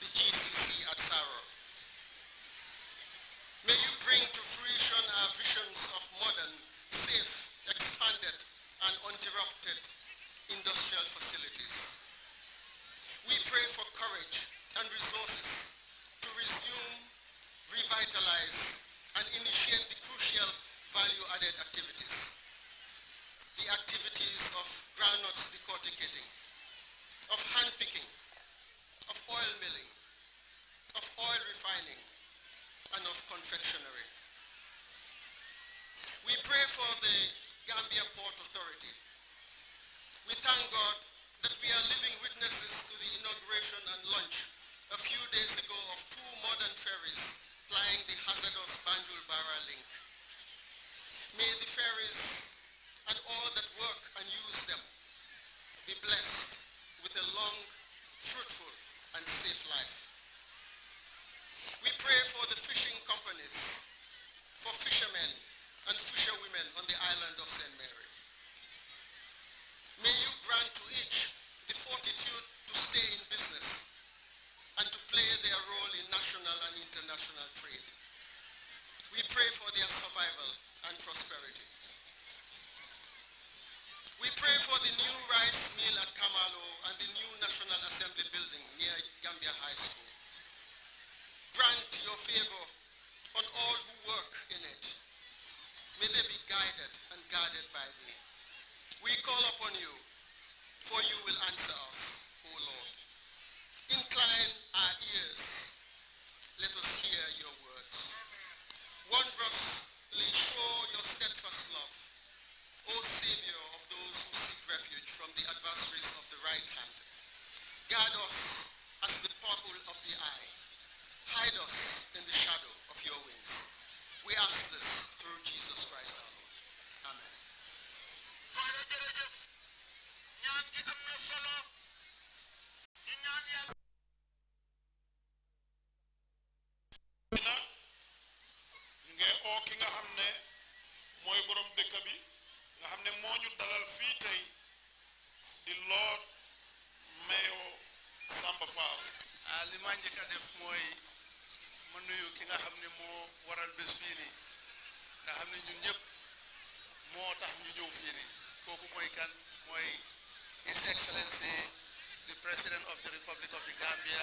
the key def mooy ma nuyu ki nga xam ne moo waral bés fii nii nga xam ne ñun ñëpp moo tax ñu jëw fii nii kooku mooy kan mooy His Excellency the President of the Republic of the Gambia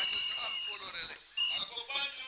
Aku panjang.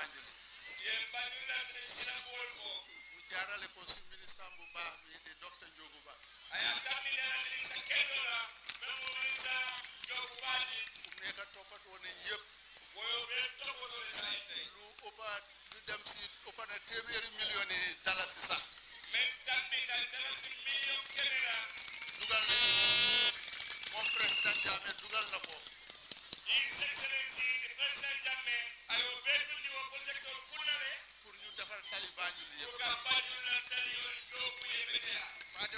Banjul mu jaarale ko si ministre bu baax bi di docteur Njoogu Ba fu mu nekk toppatoo nañ yëpp lu ëpp lu dem si ëpp na téeméeri millions yi dalasi sax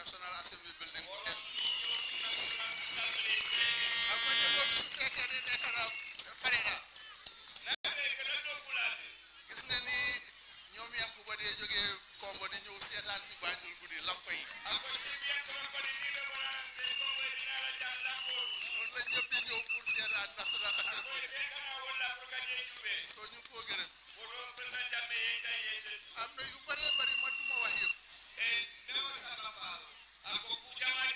National Assembly building bu bees xam nga ne loolu su fekkee ne nekk na pare na gis nga ni ñoom yànk ba dee jógee Kombo di ñëw seetaan si Banjul guddi lampa yi noonu la ñëpp di ñëw pour seetaan National Assembly soo ñu ko gërëm am na yu bare bari man duma wax yëpp Dawar ko ku jamaa di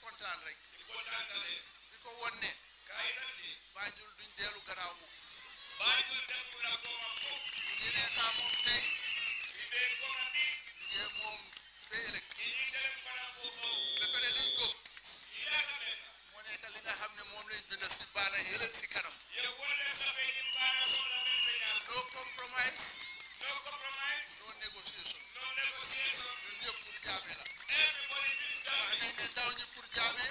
kontaan dalee di ko won ne kaay tan di Banjul duñ dellu gannaaw mukk Banjul demul ak boomam mukk ñu ngi nekk moom tey li nga xam ne moom lañ bind si baana yëlëg si kanam yow compromise mais daw ñu pour jaame